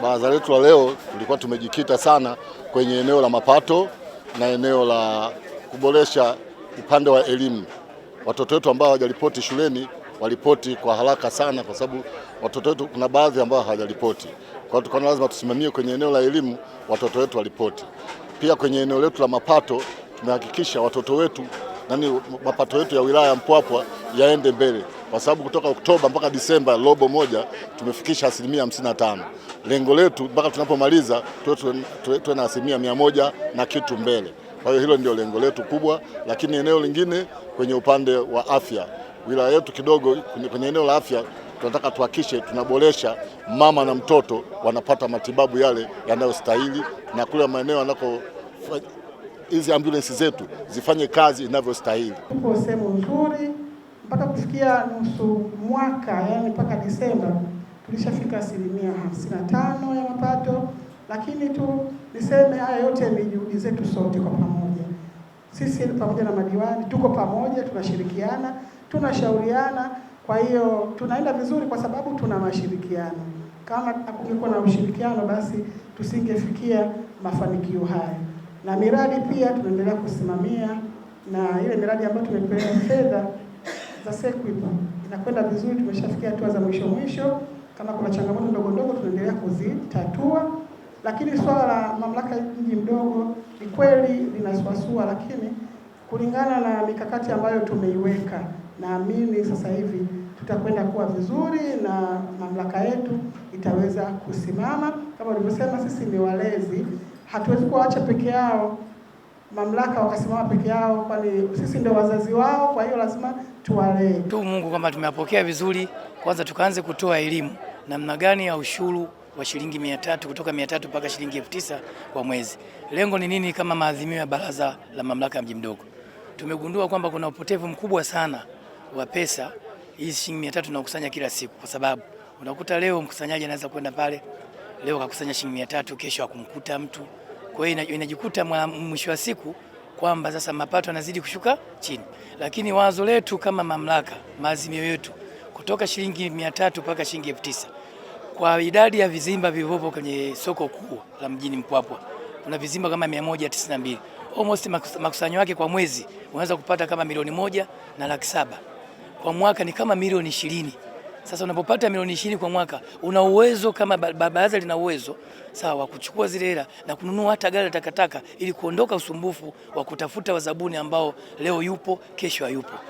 baraza letu la leo tulikuwa tumejikita sana kwenye eneo la mapato na eneo la kuboresha upande wa elimu. Watoto wetu ambao hawajaripoti shuleni waripoti kwa haraka sana, kwa sababu watoto wetu kuna baadhi ambao hawajaripoti. Kwa hiyo tukaona lazima tusimamie kwenye eneo la elimu, watoto wetu waripoti. Pia kwenye eneo letu la mapato tumehakikisha watoto wetu nani mapato yetu ya wilaya ya Mpwapwa yaende mbele, kwa sababu kutoka Oktoba mpaka Disemba robo moja tumefikisha asilimia hamsini na tano. Lengo letu mpaka tunapomaliza tuwe na asilimia mia moja na kitu mbele. Kwa hiyo hilo ndio lengo letu kubwa, lakini eneo lingine kwenye upande wa afya, wilaya yetu kidogo kwenye eneo la afya tunataka tuhakishe tunaboresha mama na mtoto wanapata matibabu yale yanayostahili, na kule maeneo anako hizi ambulensi zetu zifanye kazi inavyostahili. tupo sehemu nzuri mpaka kufikia nusu mwaka, yani mpaka Disemba tulishafika asilimia hamsini na tano ya mapato, lakini tu niseme haya yote ni juhudi zetu sote kwa pamoja. Sisi pamoja na madiwani tuko pamoja, tunashirikiana, tunashauriana. Kwa hiyo tunaenda vizuri kwa sababu tuna mashirikiano. Kama hakungekuwa na ushirikiano, basi tusingefikia mafanikio haya na miradi pia tunaendelea kusimamia, na ile miradi ambayo tumepewa fedha za SEQUIP inakwenda vizuri, tumeshafikia hatua za mwisho mwisho. Kama kuna changamoto ndogo ndogo tunaendelea kuzitatua, lakini swala la mamlaka mji mdogo ni kweli linasuasua, lakini kulingana na mikakati ambayo tumeiweka, naamini sasa hivi tutakwenda kuwa vizuri na mamlaka yetu itaweza kusimama. Kama ulivyosema, sisi ni walezi hatuwezi kuwaacha peke yao, mamlaka wakasimama peke yao, kwani sisi ndio wazazi wao. Kwa hiyo lazima tuwalee tu Mungu kwamba tumewapokea vizuri. Kwanza tukaanze kutoa elimu namna gani ya ushuru wa shilingi mia tatu kutoka mia tatu mpaka shilingi elfu tisa kwa mwezi. Lengo ni nini? Kama maadhimio ya Baraza la Mamlaka ya Mji Mdogo, tumegundua kwamba kuna upotevu mkubwa sana wa pesa hizi shilingi mia tatu tunakusanya kila siku, kwa sababu unakuta leo mkusanyaji anaweza kwenda pale leo kakusanya shilingi mia tatu, kesho akumkuta mtu. Kwa hiyo inajikuta mwisho wa siku kwamba sasa mapato yanazidi kushuka chini, lakini wazo letu kama mamlaka, maazimio yetu kutoka shilingi mia tatu mpaka shilingi elfu tisa kwa idadi ya vizimba vilivyopo kwenye soko kuu la mjini Mpwapwa kuna vizimba kama 192 almost makusanyo yake kwa mwezi unaweza kupata kama milioni moja na laki saba, kwa mwaka ni kama milioni ishirini. Sasa unapopata milioni ishirini kwa mwaka, una uwezo kama baraza lina uwezo sawa wa kuchukua zile hela na kununua hata gari la takataka ili kuondoka usumbufu wa kutafuta wazabuni ambao leo yupo kesho hayupo.